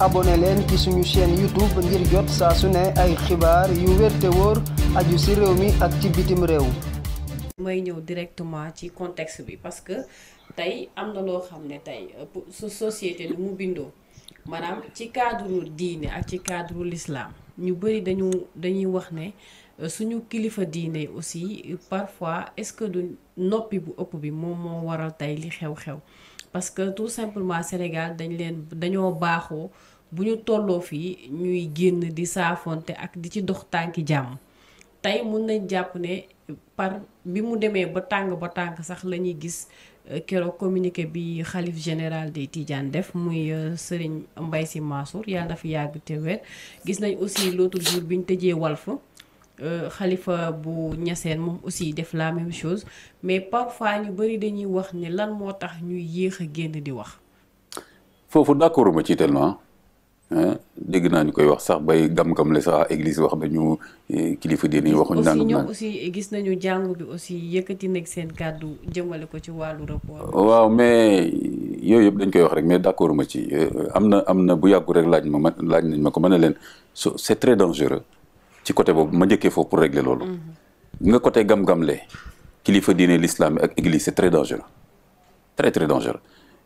abonné leen ci suñu chaîne YouTube ngir jot saa su ne ay xibaar yu wér te wóor aju ci réew mi ak ci bitim réew. may ñëw directement ci contexte bi parce que tey am na loo xam ne tey euh, su société mu bindoo maanaam ci cadre diine ak ci cadre lislaam ñu bëri dañu dañuy wax ne. Euh, suñu kilifa diine aussi parfois est-ce que du noppi bu ëpp bi moom moo waral tey li xew-xew parce que tout simplement Sénégal dañ leen dañoo baaxoo bu ñu tolloo fii ñuy génn di saafonte ak di ci dox tànki jàmm tey mun nañ jàpp ne par bi mu demee ba tàng ba tàng sax la ñuy gis euh, keroog communiqué bi xalif général des Tidiane def muy euh, Serigne Mbaye Sy Mansour yàlla na fi yàgg te gis nañ aussi l'autre jour bi ñu tëjee Walf Euh, xalifa bu ñaseen moom aussi def la même chose mais parfois ñu bëri dañuy wax ni lan moo tax ñuy yéex a génn di wax. foofu d'accord ma ci tellement dégg naa ñu koy wax sax bay gam-gam la sax église wax nañu eh, kilifa diine waxuñu. nangam aussi ñoom aussi gis nañu jàngu bi aussi yëkkati nag seen kàddu jëmale ko ci wàllu rapport. waaw mais yooyu yëpp dañ koy wax rek mais d'accord ci euh, am na am na bu yàggu rek laaj ma ma laaj nañ ma ko ma ne leen so c'est très dangereux. ci côté boobu ma njëkkee foofu pour régler loolu. Mhm. nga côté gam le kilifa diine l'islam ak église c'est très dangereux très très dangereux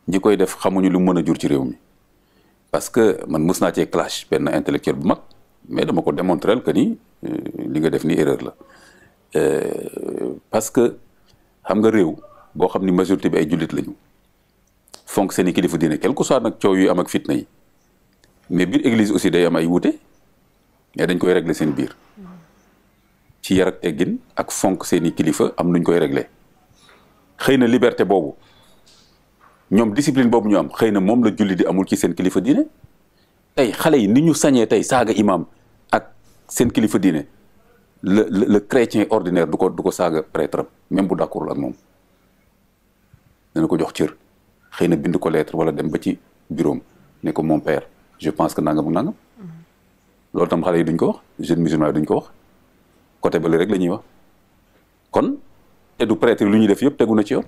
ñi koy def xamuñu lu mën a jur ci réew mi. parce que man mës naa cee clash benn intellectuel bu mag mais dama ko démontrer que ni euh, li nga def ni erreur la euh, parce que xam nga réew boo xam ni majorité bi ay jullit lañu fonk seen kilifa diine quel que soit nag coow yu am ak fitna yi mais biir église aussi day am ay wuute. mais dañ koy régler seen biir ci yar ak teggin ak fonk seeni kilifa am nuñ koy régler xëy na liberté boobu ñoom discipline boobu ñu am xëy na moom la julli di amul ci seen kilifa diine tey xale yi ni ñu sañee tey saaga imam ak seen kilifa diine la le chrétien ordinaire du ko du ko saaga prêtre am même bu d'accordul ak moom dana ko jox cër xëy na bind ko lettre wala dem ba ci bureau ne ko mon père je pense que nangam nangam. loolu tam xale yi duñ ko wax jeunes musulmans yi duñ ko wax côté bële rek la ñuy wax kon edu prêtre lu ñuy def yëpp tegu na ci yoon.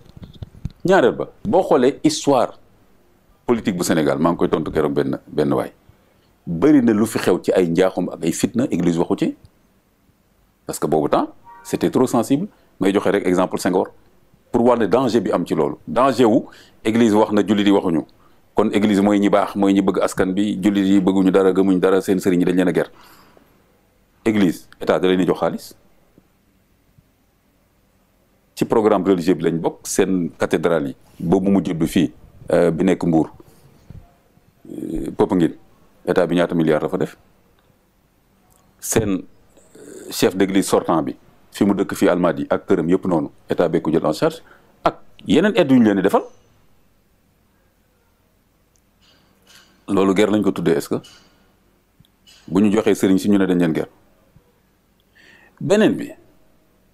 ñaareel ba boo xoolee histoire politique bu Sénégal maa ngi koy tontu keroog benn benn waay bëri na lu fi xew ci ay njaaxum ak ay fitna église waxu ci parce que boobu temps c'était trop sensible may joxe rek exemple Senghor pour war ne danger bi am ci loolu danger wu église wax na jullit yi waxuñu. kon église mooy ñi baax mooy ñi bëgg askan bi jullit yi bëgguñu dara gëmuñu dara seen sëriñ yi dañ leen a ger église état da leen ni jox xaalis ci programme religieux bi lañ bokk seen cathédrale yi boobu mu jublu fii euh, bi nekk Mbour euh, Popenguine état bi ñaata milliards dafa def seen euh, chef d'église sortant bi fi mu dëkk fii Almadies ak këram yëpp noonu état bee ko jël en charge ak yeneen aide yu ñu leen di defal. loolu guerre lañ ko tuddee est que bu ñu joxee sëriñ si ñu ne dañ leen guerre beneen bi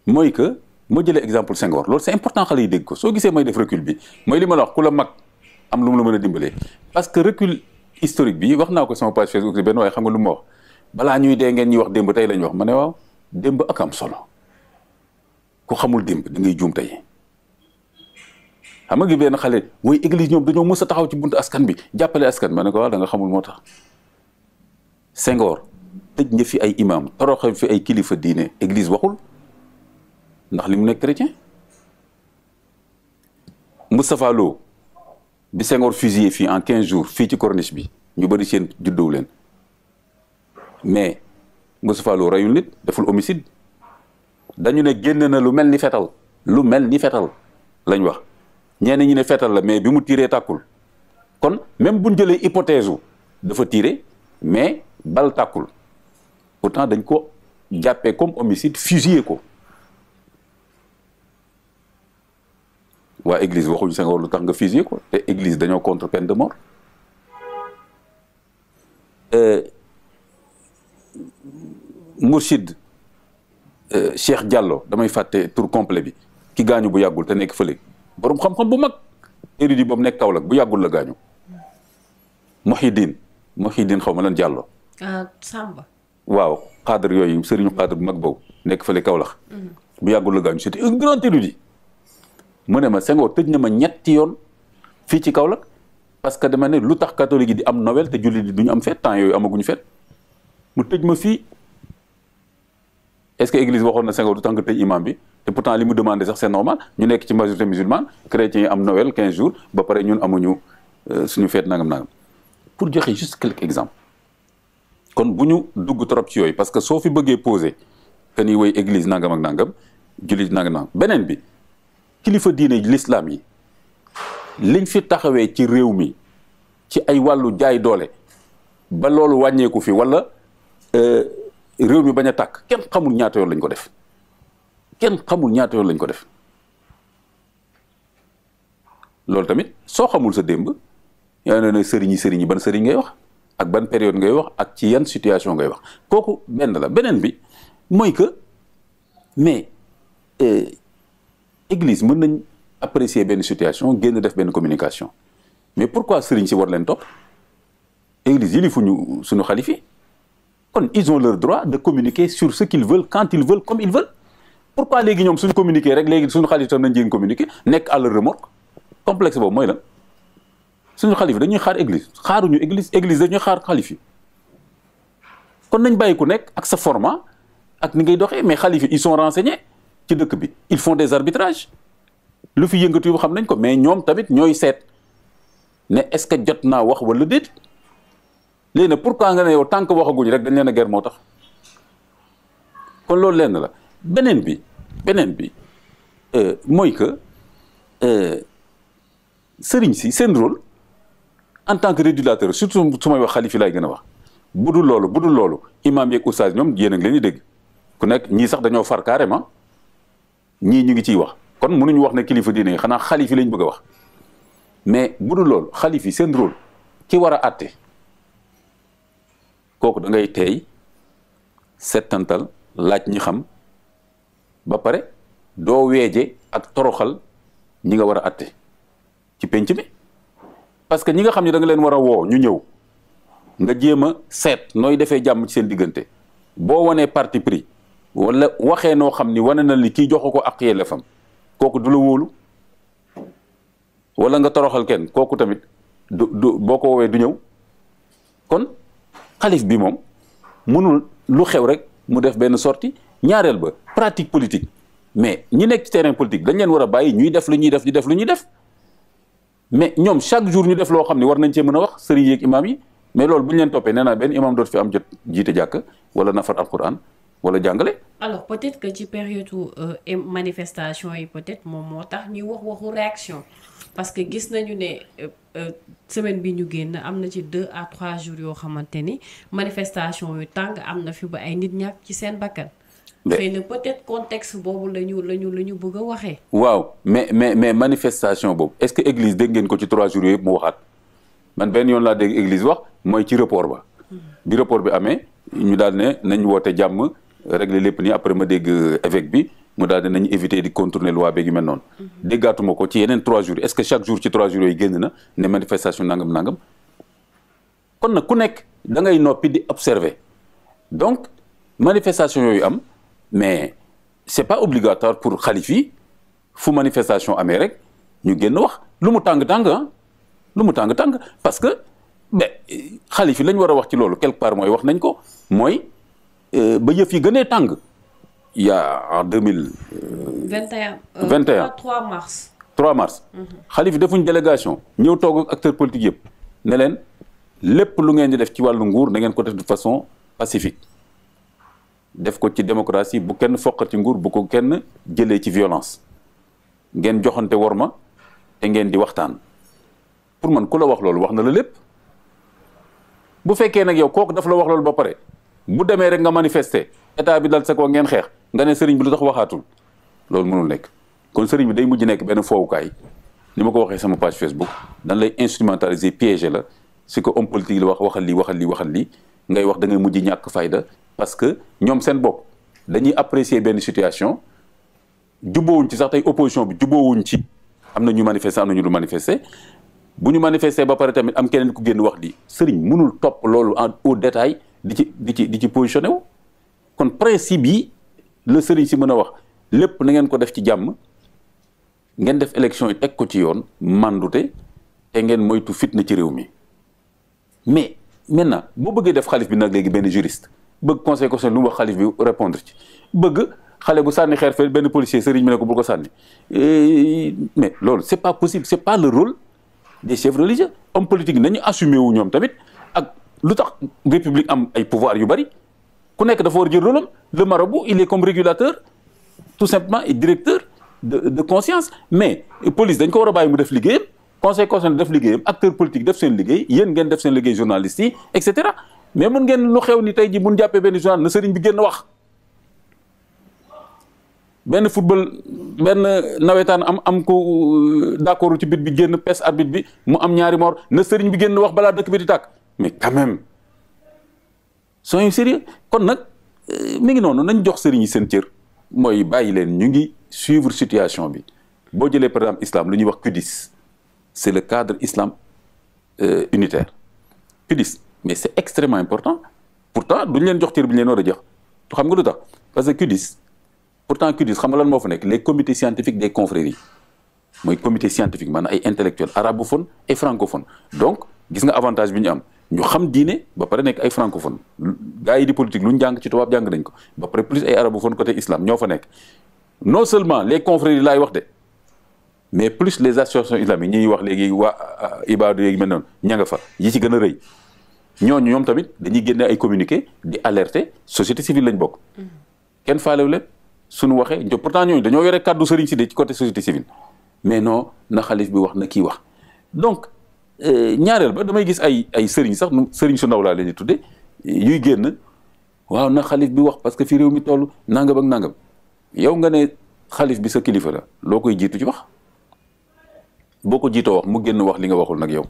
mooy que moo jëlee exemple Senghor loolu c'est important xale yi dégg ko soo gisee may def recul bi mooy li ma la wax ku la mag am lu mu la mën a dimbalee parce que recul historique bi wax naa ko sama page Facebook benn waaye xam nga lu ma wax balaa ñuy dee ngeen ñuy wax démb tey la ñu wax ma ne waaw démb ak am solo ku xamul démb da ngay juum tey xam nga benn xale woy église ñoom dañoo mës a taxaw ci buntu askan bi jàppale askan ma ne ko waaw da nga xamul moo tax Senghor tëj nga fi ay imam toroxal fi ay kilifa diine église waxul ndax li nekk chrétien Moustapha Lo bi Senghor fusillé fii en quinze jours fii ci corniche bi ñu bëri seen juddow leen mais Moustapha Lo reyul nit deful homicide dañu ne génn na lu mel ni fetal lu mel ni fetal lañ wax ñenn ñi ne fetal la mais bi mu tiiree tàkkul kon même bu ñu jëlee hypothèse wu dafa tiré mais bal tàkkul pourtant dañ ko jàppee comme homicide fusillé ko waa église waxuñu Senghor lu tax nga fusillé ko te église dañoo contre peine de mort euh, Mourchid euh, Cheikh Diallo damay fàtte tour complet bi ki gaañu bu yàggul te nekk fële. borom xam-xam bu mag érudit boobu nekk Kaolack bu yàggul la gaañu Muhiddin Muhiddin xaw ma lan jàllo ah, Samba. waaw xaadar yooyu sëriñu xaadar bu mag boobu nekk fële Kaolack mm-hmm. bu yàggul la gaañu c'était un grand érudit mu ne ma sengoo tëj ne ma ñetti yoon fii ci Kaolack parce que dama ne lu tax catholique yi di am Noël te jullit yi duñu am fête temps yooyu amaguñu fet mu tëj ma fii est-ce que église waxoon na Senghor du tax nga tëj imam bi te pourtant li mu demander sax c'est normal ñu nekk ci majorité musulmane chrétiens yi am Noël 15 jours ba pare ñun amuñu euh, suñu feet nangam nangam pour joxe juste quelques exemples kon bu ñu dugg trop ci yooyu parce que soo fi bëggee poser que ni woy église nangam ak nangam jullit nangam nangam beneen bi kilifa diine l'islam yi liñ fi taxawee ci réew mi ci ay wàllu jaay doole ba loolu wàññeeku fi wala euh, réew mi bañ a tàkk kenn xamul ñaata yoon lañ ko def. kenn xamul ñaata yoon lañ ko def loolu tamit soo xamul sa démb yaa ne na sëriñ yi sëriñ yi ban sëriñ ngay wax ak ban période ngay wax ak ci yan situation ngay wax kooku benn la beneen bi mooy que mais euh, église mën nañ apprécier benn situation génn def benn communication mais pourquoi sëriñ si war leen topp église yi li fu ñu suñu xalifi kon ils ont leur droit de communiquer sur ce qu'ils veulent quand ils veulent comme ils veulent pourquoi léegi ñoom suñu communiqué rek léegi suñu xalif tam nañ jéem communiqué nekk à leur remorque complexe boobu mooy lan suñu xalif dañuy xaar église xaaruñu église église dañuy xaar xalif yi kon nañ bàyyi ku nekk ak sa format ak ni ngay doxee mais xalif yi ils sont renseignés ci dëkk bi il font des arbitrages lu fi yëngatu yu xam nañ ko mais ñoom tamit ñooy seet ne est-ce que jot naa wax wala déet léegi nag pourquoi nga ne yow tant que waxaguñ rek dañ leen a ger moo tax kon loolu lenn la. beneen bi beneen bi euh, mooy que euh, sëriñ si seen rôle en tant que régulateur surtout su may wax xalifi laay gën a wax bu dul loolu bu dul loolu imaam yeeg oustaz ñoom yéen a ngi leen di dégg ku nekk ñii sax dañoo far carrément ñii ñu ngi ciy wax kon mënuñu wax ne kilifa diine xanaa xalifi lañ bëgg a wax mais bu dul loolu xalifi seen rôle ki war a àtte kooku da ngay teey settantal laaj ñi xam. ba pare doo weeje ak toroxal ñi nga war a atte ci penc mi parce que ñi nga xam ne da nga leen war a woo ñu ñëw nga jéem a seet nooy defee jàmm ci seen diggante boo wanee parti pris wala waxee noo xam ni wane na li kiy jox ko ak yelleefam kooku du la wóolu wala nga toroxal kenn kooku tamit du du boo ko woowee du ñëw kon xalif bi moom mënul lu xew rek mu def benn sorti ñaareel ba pratique politique mais ñi nekk ci terrain politique dañ leen war a bàyyi ñuy def lu ñuy def di def lu ñuy def mais ñoom chaque jour ñu def loo xam ne war nañ cee mën a wax seri yeeg imaam yi mais loolu bu ñu leen toppee nee naa benn imaam dootu fi am jot jiite jàkk wala nafar alquran wala jàngale. alors peut-être que ci période euh, manifestation yi peut-être moom moo tax ñuy wax waxu réaction parce que gis nañu ne euh, euh, semaine bi ñu génn am na ci deux à trois jours yoo xamante ni manifestation yu tàng am na fi ba ay nit ñàkk ci seen bakkan. xëy na peut-être boobu la ñu la ñu la ñu bëgg a waxee. waaw mais mais mais manifestation boobu est-ce que église dégg ngeen ko ci trois jours yooyu yëpp mu waxaat man benn yoon laa dégg église wax mooy ci report ba. Hmm. bi report bi amee ñu daal ne nañ woote jàmm régler lépp nii après ma dégg euh, évêque bi mu daal ne nañu éviter di contourner loi beeg yu mel noonu. Hmm. déggaatuma ko ci yeneen trois jours est-ce que chaque jour ci trois jours yooyu génn na ne manifestation nangam nangam kon nag ku nekk da ngay noppi di observer donc manifestation yooyu am. mais c'est pas obligatoire pour xalif fu manifestation amee rek ñu génn wax lu mu tàng-tàng ah, lu mu tàng-tàng parce que mais xalif yi la war a wax ci loolu quelque part mooy wax nañ ko mooy euh, ba yëf yi gënee tàng il en deux mille euh, euh, vingt et un trois mars trois mars xalif mhm. defuñ délégation ñëw toog acteur acteurs yëpp ne leen lépp lu ngeen di def ci wàllu nguur na ngeen ko def de façon pacifique def ko ci démocratie bu kenn foqati nguur bu ko kenn jëlee ci violence ngeen joxante wor ma te ngeen di waxtaan pour man ku la wax loolu wax na la lépp bu fekkee nag yow kooku daf la wax loolu ba pare bu demee rek nga manifester état bi dal sa ko ngeen xeex nga ne sëriñ bi lu tax waxaatul loolu mënul nekk kon sëriñ bi day mujj nekk benn foowukaay ni ma ko waxee sama page Facebook dan lay instrumentaliser piéger la si ko homme politique la wax waxal lii waxal lii waxal lii ngay wax da ngay mujj ñàkk fayda parce que ñoom seen bopp dañuy apprécier benn situation jubboowuñ ci sax tey opposition bi jubboowuñ ci am na ñu manifester am na ñu lu manifester bu ñu manifester ba pare tamit am keneen ku génn wax di sëriñ mënul topp loolu en au détail di ci di ci di ci positionné wu kon principe bi la sëriñ si mën a wax lépp na ngeen ko def ci jàmm ngeen def élection yi teg ko ci yoon mandute te ngeen moytu fitna ci réew mi maintenant boo bëggee def xalif bi nag léegi benn juriste bëgg conseil constitutionnel lu mu wax xalif bi répondre ci bëgg xale bu sànni xeer fee benn policier sëriñ bi ne ko bul ko sànni eh, mais loolu c'est pas possible c'est pas le rôle des chefs religieux homme politique nañu assumer wu ñoom tamit ak lu tax république am ay pouvoir yu bari ku nekk dafa war jël rôle am le marabout il est comme régulateur tout simplement et directeur de de conscience mais police dañ ko war a bàyyi mu def liggéeyam conseil constitutionnel def liggéeyam acteur politique def seen liggéey yéen ngeen def seen liggéey journalistes yi et cetera mais mun ngeen lu xew ni tey ji mun jàppee benn journal na sëriñ bi génn wax benn football benn nawetaan am am ko euh, d'accord ci bit bi génn pes arbitre bi mu am ñaari mor na sëriñ bi génn wax balaa dëkk bi di tàkk mais quand même soyons kon nag euh, mi ngi noonu nañ jox sëriñ yi seen cër mooy bàyyi leen ñu ngi suivre situation bi boo jëlee par exemple islam lu ñuy wax QDIS c'est le cadre islam euh, unitaire PUDIS mais c'est extrêmement important pourtant duñ leen jox tiir bi leen war a jox xam nga lu tax parce que QDIS pourtant QDIS xam nga lan moo fa nekk les comités scientifiques des confréries mooy comité scientifique maanaam ay intellectuels arabophones et francophones donc gis nga avantage bi ñu am ñu xam diine ba pare nekk ay francophones gars yi di politique lu ñu jàng ci tubaab jàng nañ ko ba pare plus ay arabophones côté islam ñoo fa nekk n seulement les confréries laay wax de. mais plus les associations islamiques ñuy wax léegi waa euh, ibaadu yeegi mel noonu ña nga fa yi ci gën a rëy ñooñu ñoom tamit dañuy génne ay communiqué di alerter société civile lañ bokk. Mm-hmm. kenn faalewu leen suñu waxee pourtant ñooñu dañoo yore kàddu sëriñ si de ci côté société civile mais non na xalif bi wax na kii wax donc euh, ñaareel ba damay gis ay ay sëriñ sax sëriñ su ndaw laa leen di tudde yuy génn waaw na xalif bi wax parce que fi réew mi toll nangam ak nangam yow nga ne xalif bi sa kilifa la loo koy jiitu ci wax. boo ko jiitoo wax mu génn wax li nga waxul nag yow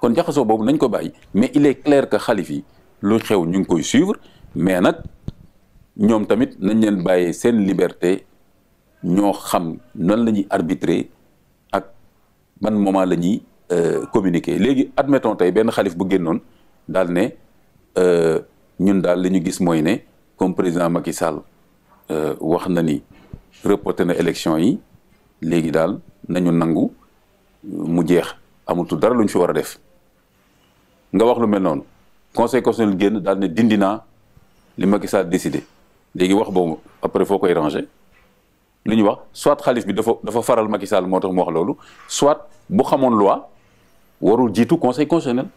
kon jaxasoo boobu nañ ko bàyyi mais il est clair que xalif yi lu xew ñu ngi koy suivre mais nag ñoom tamit nañ leen bàyyee seen liberté ñoo xam nan la ñuy arbitrer ak man moment la ñuy euh, communiquer léegi admettons tey benn xalif bu génnoon daal ne euh, ñun daal li ñu gis mooy ne comme président Macky Sall euh, wax na ni reporté na élection yi léegi daal nañu nangu euh, mu jeex amatul dara lu ñu fi war a def nga wax lu mel noonu conseil constitutionnel génn daal ne dindi naa li Macky Sall décidé léegi wax boobu après foo koy ranger li ñu wax soit xalif bi dafa dafa faral Macky moo tax mu wax loolu soit bu xamoon loi warul jiitu conseil constitutionnel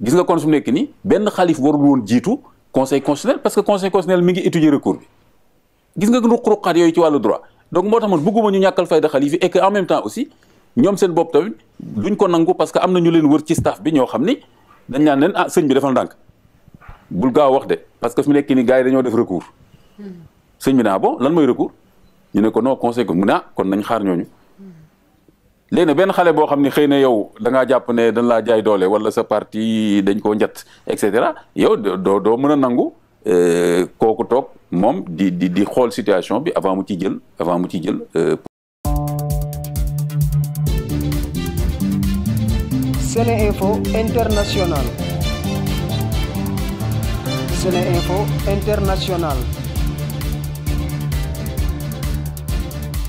gis nga kon su nekk nii benn xalif warul woon jiitu conseil constitutionnel parce que conseil constitutionnel mi ngi étudier recours bi gis nga ruq-ruqaat yooyu ci wàllu droit. donc moo tax man bëgguma ñu ñàkkal fayda xalif yi et que en même temps aussi ñoom seen bopp tamit duñ ko nangu parce que am na ñu leen wër ci staff bi ñoo xam ni dañ naan leen ah sëñ bi defal bul gaaw wax de parce que fi nekk nii gars yi dañoo def recours sëñ bi naa ah bo lan mooy recours ñu ne ko noo conseil ko mu naa ah, kon nañ xaar ñooñu léegi nag benn xale boo xam ne xëy na yow da jàpp ne dañ laa jaay doole wala sa parti dañ koo njat et cetera yow doo doo mën a nangu Euh, kooku toog moom di di di xool situation bi avant mu ci jël mu ci jël euh, Sene Info International Sene Info International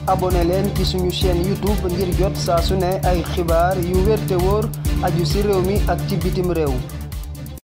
abonné leen suñu chaîne YouTube ngir jot saa su ne ay xibaar yu wér te wóor aju ci réew mi ak ci bitim réew